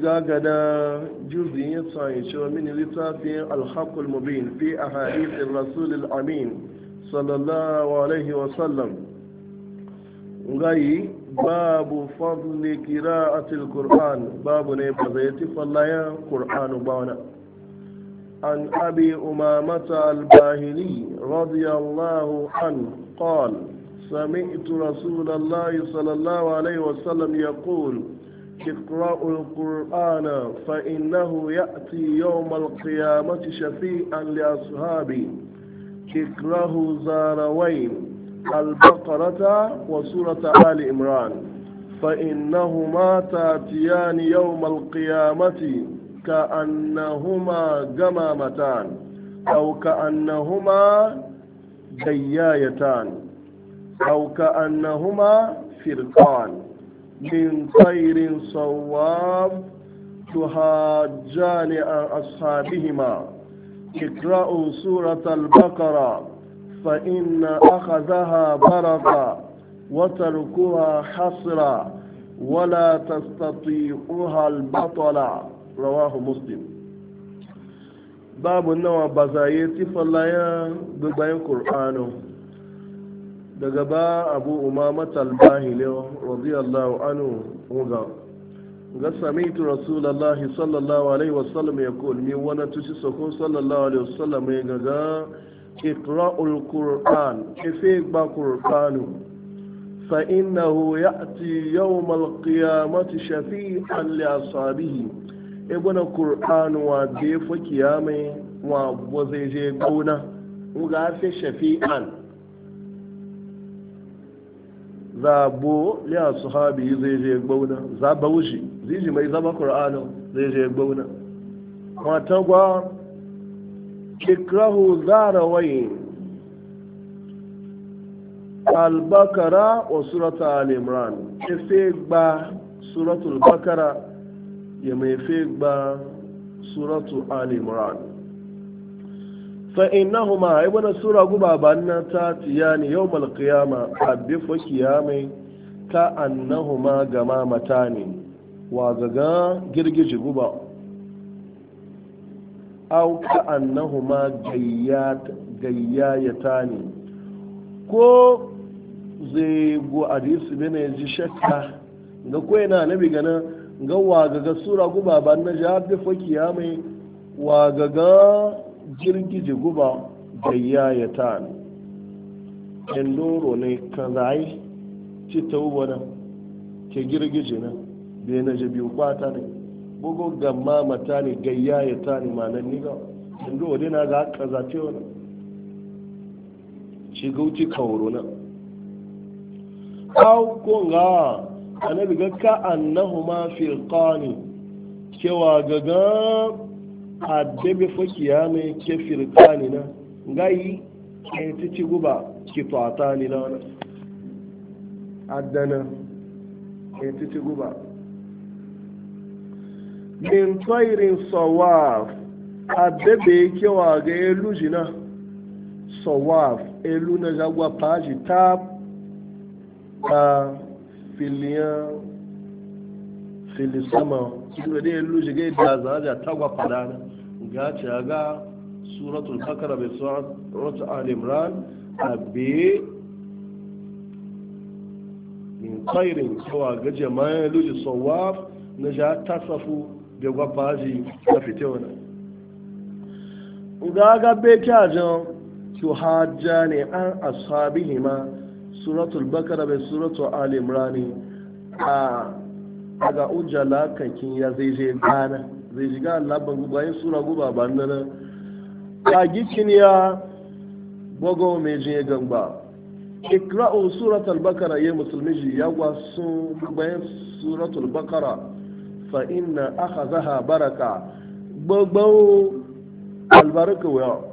gagada juzin ya tsaye cewa mini littafin alhakul mubin fi a hadisin rasulul amin sallallahu alaihi wasallam gayi babu fadli kira'atul qur'an babu ne ba zai ti fallaya qur'anu an abi umamata albahili radiyallahu an qala sami'tu rasulallahi sallallahu alaihi wasallam yaqul اقرأوا القرآن فإنه يأتي يوم القيامة شفيعا لأصحابي اقرأوا زاروين البقرة وسورة آل إمران فإنهما تأتيان يوم القيامة كأنهما جمامتان أو كأنهما ديايتان أو كأنهما فرقان min khairin sawab tuhajjani a ashabihima ikra'u surat al-baqara fa inna akhadhaha baraka wa tarkuha hasra wa la tastati'uha al-batala rawahu muslim babu nawa bazaye tifallaya bi bayan qur'anu daga ba abu umamat al-bahili radiyallahu anhu ga ga samitu rasulullahi sallallahu alaihi wasallam ya kul mi wani tushi sako sallallahu alaihi wasallam ya gaga iqra'ul qur'an ife gba qur'anu fa innahu ya'ti ya al-qiyamati shafi'an li ashabihi e gona qur'an wa be fa kiyame wa bo wa je gona ga fe shafi'an zabo ya sahabi zai je gbauna zaba wuce zai mai zaba ƙura'anu zai je gbauna mata gwa kikrahu zara waye albakara wa surata al-imran fi gba suratul bakara ya mai fe gba suratu al-imran Sai inahu ma ai bada sura guba ba ta tsayani yau mulkiya ma abin fakiya ka annahu ma gama mata ni wa gagagin girgijin guba au ka annahu ma gayyata ne ko zai go ajiye su bai shakka ga kwai na na bi gani ga sura guba ba na ta yi abin fakiya mai wagaga. girgije guba da yaya ta ne loro ne ka zai ci ta uba na ke girgije na bai na jabi kwata ne bugu ga mamata ne ga yaya ta ne ma nan niga loro ne na ga aka zace wani ci gauci kauro na au ko ga annabi ga ka annahuma fi qani cewa gaga a dabe fakiya mai ke firta ne na gayi ke ta ci guba ke fata ne na adana ke ta guba min tsairin sawaf adebe dabe kewa ga elu jina sawaf elu na jagwa faji a filiyan fili sama inda dai yallu shiga da zaja tagwa fadana ga ce ga suratul bakara bai suratul al-imran abi min khairin cewa ga jama'a luji sawaf na ja tasafu da gwabaji na fita wani ga ga bai kyajan ki hajja ne an ashabihima suratul bakara bai suratul al-imran a daga ujala kakin ya zai je bana zai shiga labar bayan sura guba ba nan kagi ya gogo mai je gamba ikra'u suratul bakara ya musulmi ji ya gwasu bayan suratul bakara fa inna akhadhaha baraka gbogbo albaraka wa